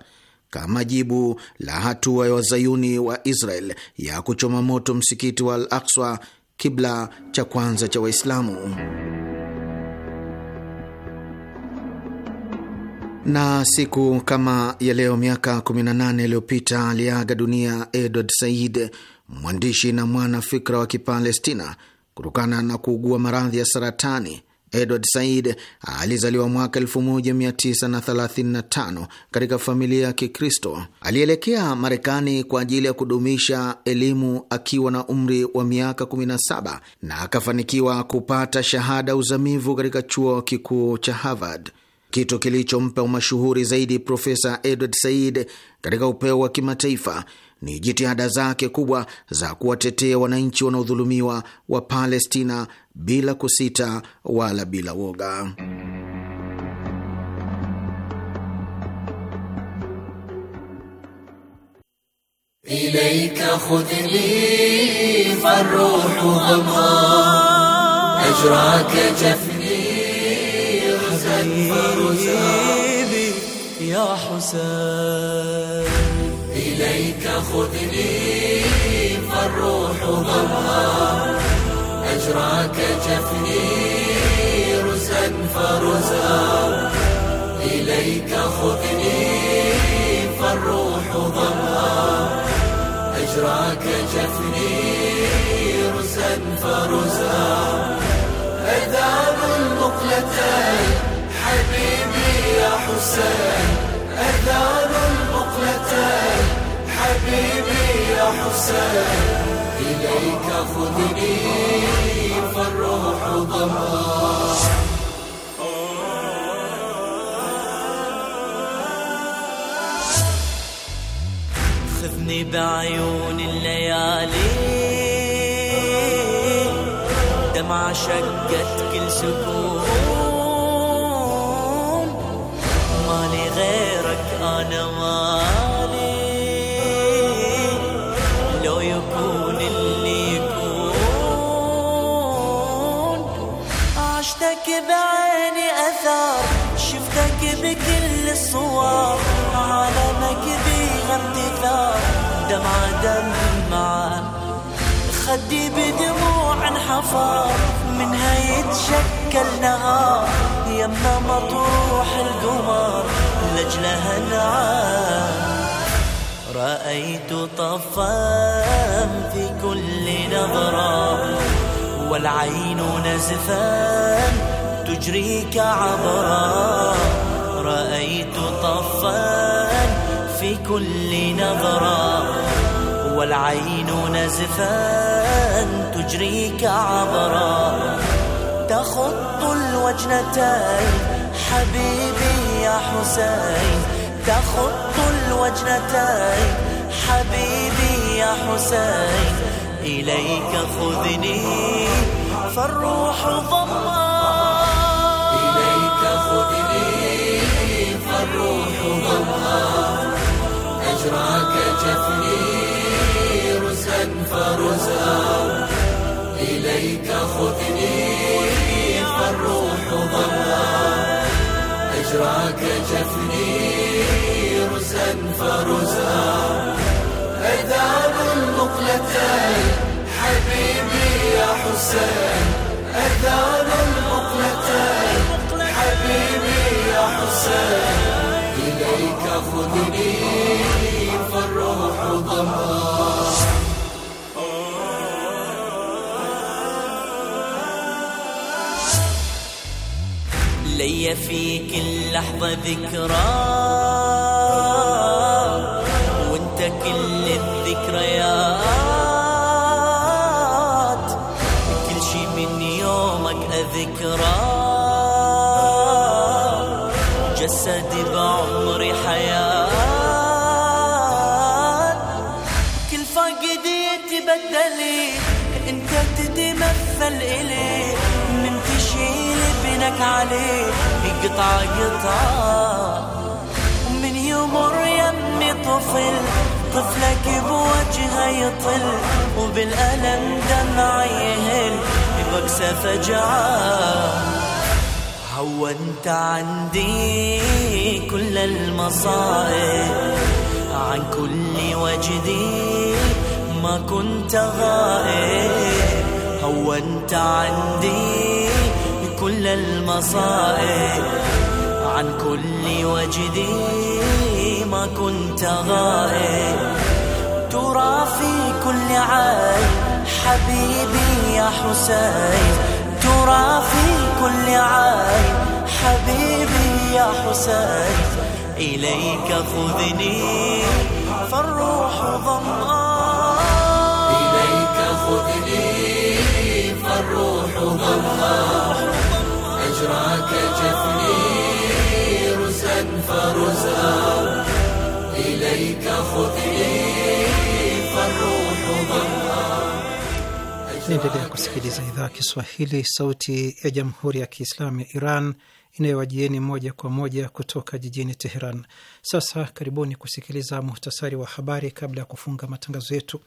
kama jibu la hatua ya wazayuni wa Israel ya kuchoma moto msikiti wa Al Akswa, kibla cha kwanza cha Waislamu. Na siku kama ya leo miaka 18 iliyopita aliaga dunia Edward Said, mwandishi na mwana fikra wa Kipalestina, kutokana na kuugua maradhi ya saratani. Edward Said alizaliwa mwaka 1935 katika familia ya Kikristo. Alielekea Marekani kwa ajili ya kudumisha elimu akiwa na umri wa miaka 17 na akafanikiwa kupata shahada uzamivu katika chuo kikuu cha Harvard. Kitu kilichompa umashuhuri zaidi Profesa Edward Said katika upeo wa kimataifa ni jitihada zake kubwa za kuwatetea wananchi wanaodhulumiwa wa Palestina bila kusita wala bila woga. Ya إليك خذني فالروح ضمها أجراك جفني رزا فرزا إليك خذني فالروح ضمها أجراك جفني رزا فرزا أذاب المقلتين حبيبي يا حسين أذاب المقلتين حبيبي يا حسين إليك خذني فالروح خذني بعيون الليالي دمع شقت كل سكون مع دمعة خدي بدموع انحفر منها يتشكل نهار يما مطروح القمر لجلها نعام رأيت طفا في كل نظرة والعين نزفان تجري عبرة في كل نظرة والعين نزفا تجريك عبرا تخط الوجنتين حبيبي يا حسين تخط الوجنتين حبيبي يا حسين إليك خذني فالروح ضمّا إليك خذني فالروح ضمّا أجراك جفني رزا فرزا إليك خذني فالروح ضلا أجراك جفني رزا فرزا أذان المقلتين حبيبي يا حسين أذان المقلتين حبيبي يا حسين إليك خذني لي في كل لحظة ذكرى وانت كل الذكريات قطعة قطعة من يمر يمي طفل طفلك بوجهه يطل وبالألم دمع يهل بوكسة فجعة هو انت عندي كل المصائب عن كل وجدي ما كنت غائب هو انت عندي كل المصائب عن كل وجدي ما كنت غائب ترى في كل عين حبيبي يا حسين ترى في كل عين حبيبي يا حسين إليك خذني فالروح ظمآن إليك خذني فالروح ظمآن بشراك جفني رزقا فرزا إليك خذني فالروح kusikiliza idhaa ya Kiswahili, sauti ya jamhuri ya kiislamu ya Iran inayowajieni moja kwa moja kutoka jijini Teheran. Sasa karibuni kusikiliza muhtasari wa habari kabla ya kufunga matangazo yetu.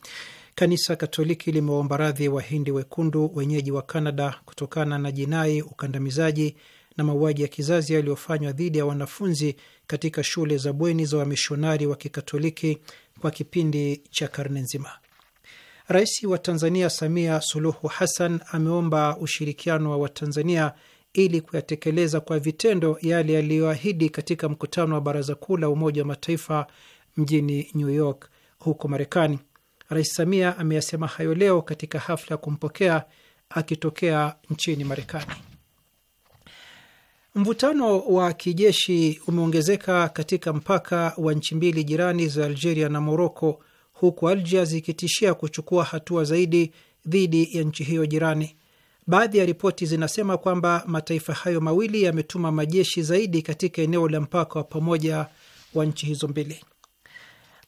Kanisa Katoliki limewaomba radhi Wahindi wekundu wenyeji wa Kanada kutokana na jinai, ukandamizaji na mauaji ya kizazi yaliyofanywa dhidi ya wanafunzi katika shule za bweni za wamishonari wa Kikatoliki kwa kipindi cha karne nzima. Rais wa Tanzania Samia Suluhu Hassan ameomba ushirikiano wa Watanzania ili kuyatekeleza kwa vitendo yale yaliyoahidi katika mkutano wa Baraza Kuu la Umoja wa Mataifa mjini New York huko Marekani. Rais Samia ameyasema hayo leo katika hafla ya kumpokea akitokea nchini Marekani. Mvutano wa kijeshi umeongezeka katika mpaka wa nchi mbili jirani za Algeria na Moroko, huku Algeria zikitishia kuchukua hatua zaidi dhidi ya nchi hiyo jirani. Baadhi ya ripoti zinasema kwamba mataifa hayo mawili yametuma majeshi zaidi katika eneo la mpaka wa pamoja wa nchi hizo mbili.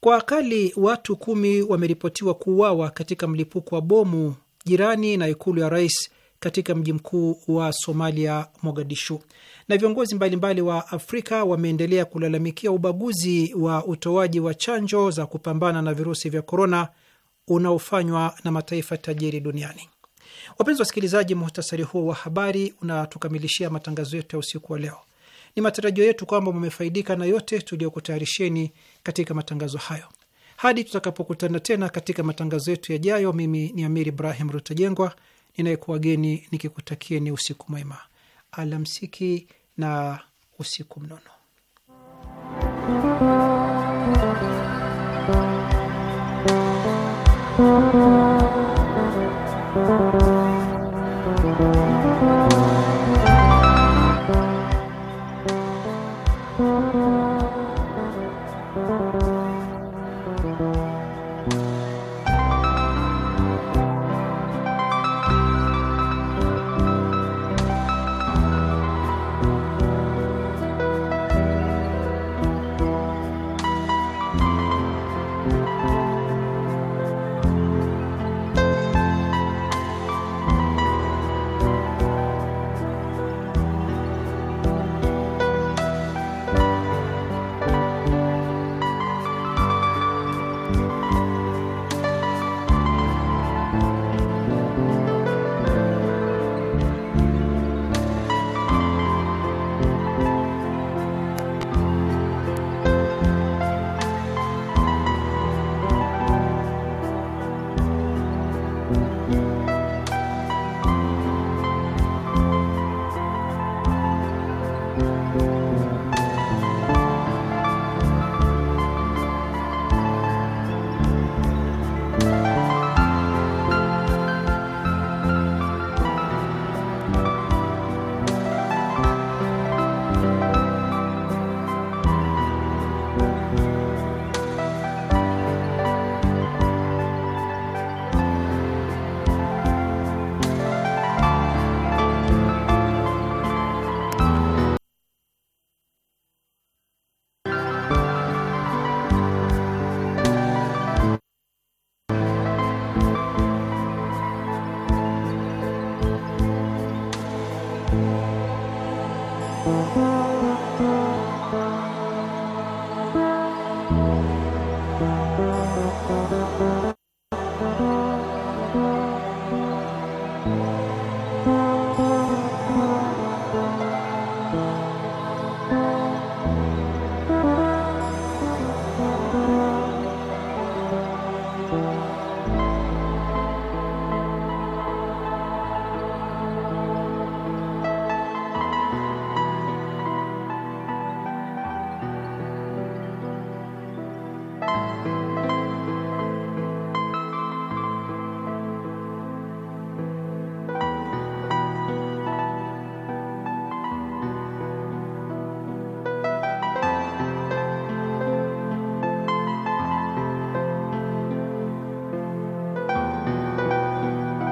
Kwa akali watu kumi wameripotiwa kuuawa katika mlipuko wa bomu jirani na ikulu ya rais katika mji mkuu wa Somalia, Mogadishu. Na viongozi mbalimbali wa Afrika wameendelea kulalamikia ubaguzi wa utoaji wa chanjo za kupambana na virusi vya korona unaofanywa na mataifa tajiri duniani. Wapenzi wasikilizaji, muhtasari huo wa habari unatukamilishia matangazo yetu ya usiku wa leo. Ni matarajio yetu kwamba mumefaidika na yote tuliyokutayarisheni katika matangazo hayo. Hadi tutakapokutana tena katika matangazo yetu yajayo, mimi ni Amir Ibrahim Rutajengwa ninayekuwageni nikikutakieni usiku mwema, alamsiki na usiku mnono.